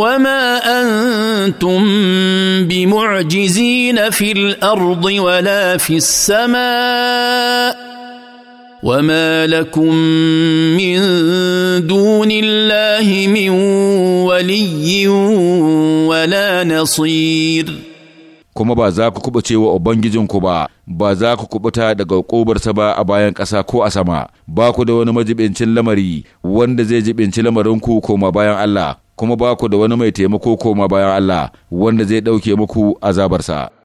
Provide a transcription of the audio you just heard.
وما انتم بمعجزين في الارض ولا في السماء وما لكم من دون الله من ولي ولا نصير kuma ba za ku kuɓuce wa Ubangijinku ba, ba za ku kuɓuta daga ƙobarsa ba a bayan ƙasa ko a sama, ba ku da wani majibincin lamari wanda zai jibinci lamarinku koma bayan Allah. kuma ba ku da wani mai taimako koma bayan Allah wanda zai ɗauke muku azabarsa.